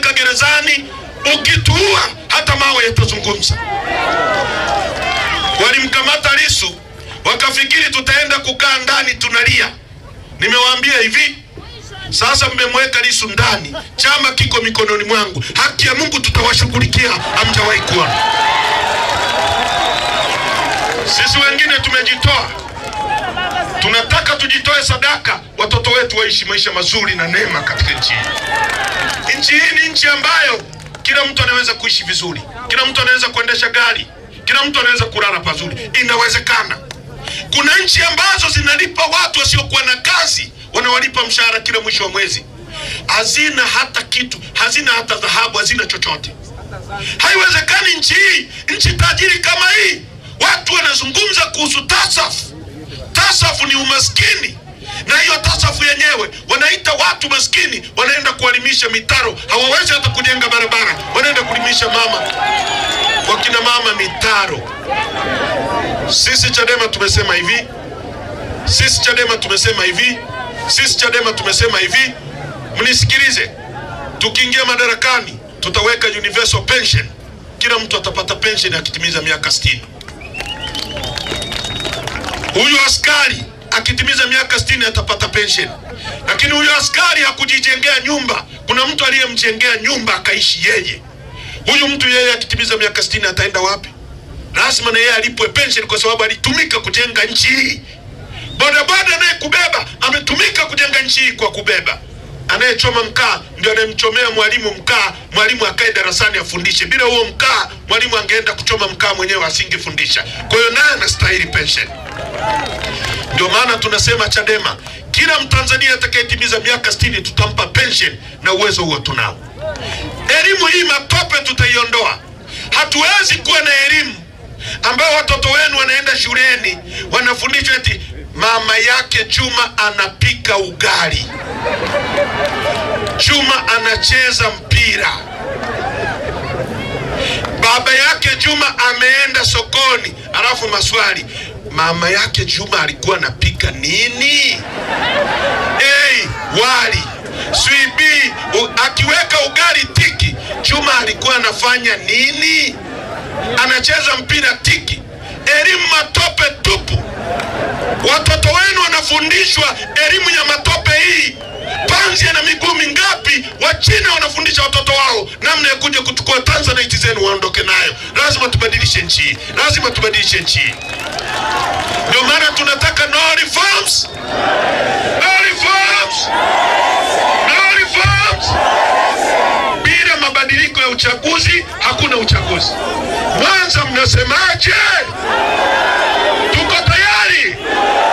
kuweka gerezani, ukituua hata mawe yatazungumza. Walimkamata lisu wakafikiri tutaenda kukaa ndani tunalia. Nimewaambia hivi sasa, mmemweka lisu ndani, chama kiko mikononi mwangu, haki ya Mungu tutawashughulikia. Hamjawahi kuona sisi wengine tumejitoa, tunataka tujitoe sadaka tuishi maisha mazuri na neema katika nchi hii. Nchi hii ni nchi ambayo kila mtu anaweza kuishi vizuri, kila mtu anaweza kuendesha gari, kila mtu anaweza kulala pazuri. Inawezekana. Kuna nchi ambazo zinalipa watu wasiokuwa na kazi, wanawalipa mshahara kila mwisho wa mwezi, hazina hata kitu, hazina hata dhahabu, hazina chochote. Haiwezekani nchi hii, nchi tajiri kama hii, watu wanazungumza kuhusu tasafu. Tasafu ni umaskini na hiyo tasafu yenyewe wanaita watu maskini, wanaenda kuwalimisha mitaro, hawawezi hata kujenga barabara, wanaenda kulimisha mama wakina mama mitaro. Sisi Chadema tumesema hivi, sisi Chadema tumesema hivi, sisi Chadema tumesema hivi, mnisikilize. Tukiingia madarakani, tutaweka universal pension, kila mtu atapata pension akitimiza miaka 60. Huyu askari akitimiza miaka 60 atapata pension. Lakini huyo askari hakujijengea nyumba, kuna mtu aliyemjengea nyumba akaishi yeye. Huyu mtu yeye akitimiza miaka 60 ataenda wapi? Lazima na yeye alipwe pension kwa sababu alitumika kujenga nchi hii. Bodaboda kubeba, ametumika kujenga nchi hii kwa kubeba anayechoma mkaa ndio anayemchomea mwalimu mkaa. Mwalimu akae darasani afundishe. Bila huo mkaa, mwalimu angeenda kuchoma mkaa mwenyewe, asingefundisha. Kwa hiyo naye anastahili pension. Ndio maana tunasema Chadema, kila Mtanzania atakayetimiza miaka 60 tutampa pension, na uwezo huo tunao. Elimu hii matope tutaiondoa. Hatuwezi kuwa na elimu ambayo watoto wenu wanaenda shuleni wanafundishwa eti mama yake Juma anapika ugali, Juma anacheza mpira, baba yake Juma ameenda sokoni, alafu maswali mama yake Juma alikuwa anapika nini? Hey, wali swibi, akiweka ugali tiki. Juma alikuwa anafanya nini? Anacheza mpira tiki. Elimu matope tupu. Watoto wenu wanafundishwa elimu ya matope hii. Tanzania na miguu mingapi? Wachina wanafundisha watoto wao namna ya kuja kuchukua tanzanite zenu waondoke nayo. Lazima tubadilishe nchi hii, lazima tubadilishe nchi hii. Ndio maana tunataka no reforms, no reforms, no reforms. Bila mabadiliko ya uchaguzi hakuna uchaguzi. Mwanza mnasemaje? Tuko tayari?